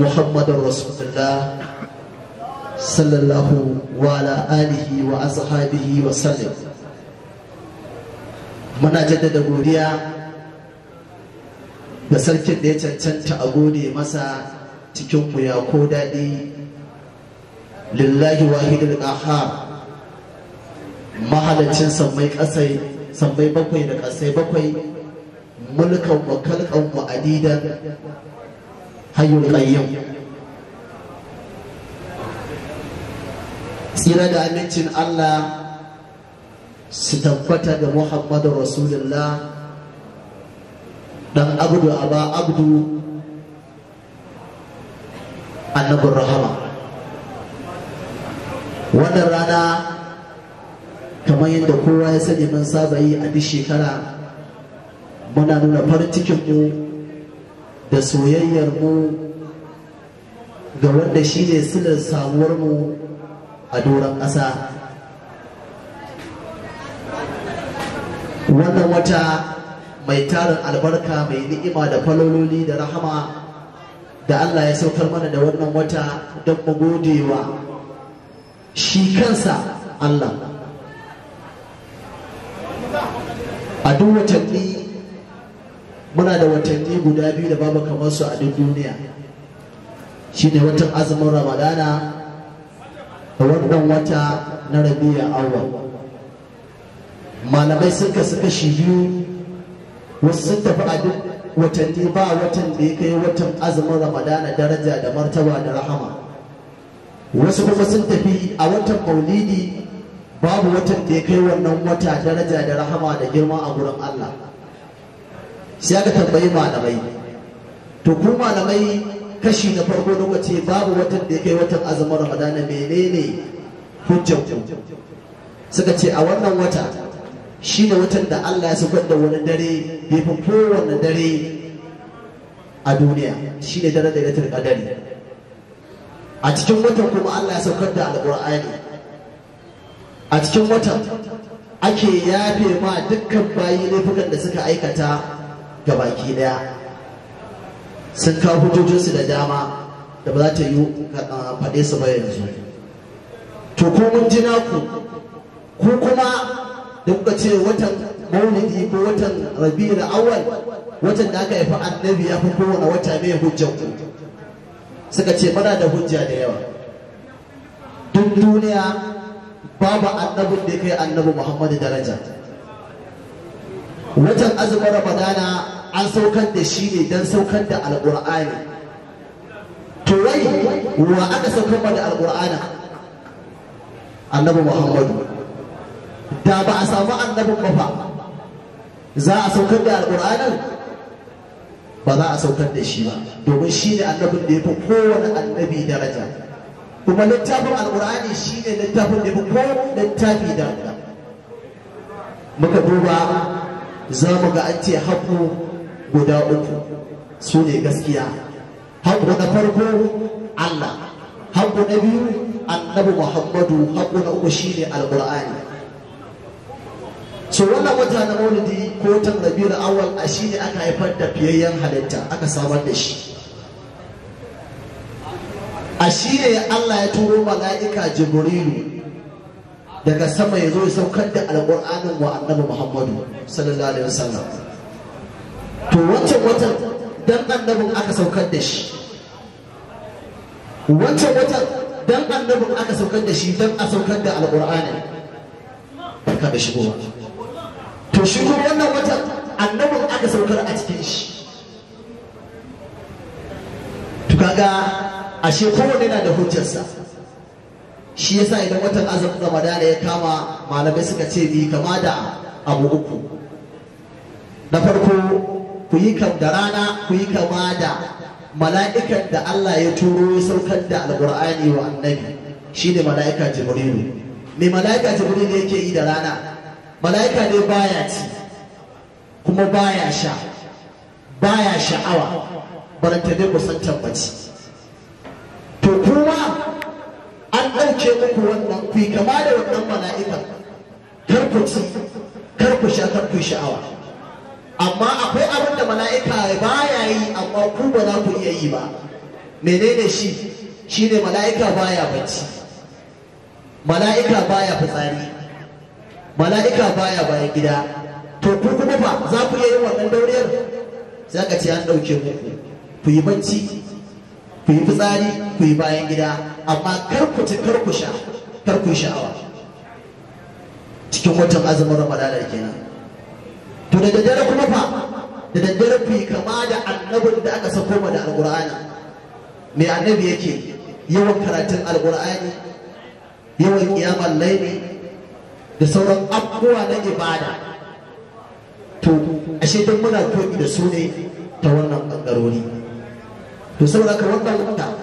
محمد رسول الله صلى الله وعلى آله وأصحابه وسلم muna jaddada godiya da sarkin da ya cancanta a gode masa cikin ya ko daɗi lillahi wahidul qahhar mahalicin sammai ƙasai sammai bakwai da ƙasai bakwai wa kalkan wa hayyul qayyum tsira da amincin Allah su tabbata da Muhammadu Rasulullah dan abdu aba abdu annabi rahama wannan rana kamar yadda kowa ya sani mun saba yi a duk shekara muna nuna farin cikinmu da soyayyar mu ga wanda shi ne silin samuwar mu a doron ƙasa wannan wata mai tarin albarka mai ni'ima da falololi da rahama da Allah ya saukar mana da wannan wata don mu shi kansa Allah a duk watanni muna da watanni guda biyu da babu kamar su a duk duniya shine watan azumin ramadana da wannan wata na rabiya awa. malamai sun kasu kashi biyu wasu sun tafi a duk watanni ba watan da ya kai watan azumin ramadana daraja da martaba da rahama wasu kuma sun tafi a watan maulidi babu watan da ya kai wannan wata daraja da rahama da girma a gurin allah sai aka tambayi malamai to ku malamai kashi na farko lokaci babu watan da ya kai watan azumin ramadana menene hujjar suka ce a wannan wata shi ne watan da Allah ya saukar da wani dare bai fi kowane dare a duniya shi ne dare da ya kadari a cikin watan kuma Allah ya saukar da alƙur'ani a cikin watan ake yafe ma dukkan bayi laifukan da suka aikata ga baki daya sun kawo hujjojinsu da dama da ba za ta yi faɗe su ba yanzu to ko mun ji naku ko kuma da kuka ce watan maulidi ko watan da awal watan da aka haifi annabi ya fi kowane wata mai hujjar ku suka ce mana da hujja da yawa duk duniya babu annabin da ya kai annabi muhammadu daraja Wajen azumin ramadana an saukar da shi ne don saukar da alƙur'ani to wai wa aka saukar da alƙur'ana annabi muhammadu da ba a samu annabin mafa za a saukar da alƙur'anin ba za a saukar da shi ba domin shi ne annabin da ya fi kowane annabi daraja kuma littafin alƙur'ani shi ne littafin da ya fi kowane littafi daraja muka duba za mu ga an ce haƙu guda uku su ne gaskiya haƙu na farko Allah haƙu na biyu annabi Muhammadu haƙu na uku shine alƙur'ani so wannan wata na maulidi ko tannabi da awal a shine aka haifar da fiyayyen halitta aka samar da shi a shine Allah ya turo mala'ika Jibrilu daga sama ya zo ya saukar da alƙur'anin wa annabi muhammadu sallallahu alaihi wasallam to wancan watan dan annabin aka saukar da shi wancan watan dan annabin aka saukar da shi dan a saukar da alƙur'ani ka da shigo to shi wannan watan annabin aka saukar a cikin shi to kaga ashe kowanne yana da hujjarsa shi yasa idan watan azumin ramadana ya kama malamai suka ce bi kama da abu uku na farko ku yi kam da rana ku yi kama da mala'ikan da Allah ya turo ya saukar da alqur'ani wa annabi shine mala'ika jibrilu me mala'ika jibrilu yake yi da rana mala'ika ne baya ci kuma baya sha baya sha'awa barantane kusantar mace ɗauke muku wannan ku yi kama da wannan mala'ika kar ku ci kar ku sha kar ku sha'awa amma akwai abin da mala'ika ba ya yi amma ku ba za ku iya yi ba menene shi shi ne mala'ika ba ya bacci mala'ika ba ya fitsari mala'ika ba baya bayan gida to ku kuma ba za ku iya yi wannan dauriyar za ka ce an ɗauke muku ku yi bacci ku yi fitsari ku yi bayan gida amma kar ku ci kar ku sha kar ku sha'awa cikin watan azumin ramadana kenan to da daddare kuma fa da daddare ku yi kama da annabin da aka sako ma da alqur'ani mai annabi yake yawan karatun alqur'ani yawan kiyamar laili da sauran abubuwa na ibada to ashe don muna koyi da su ne ta wannan ɓangarori Rasulullah kata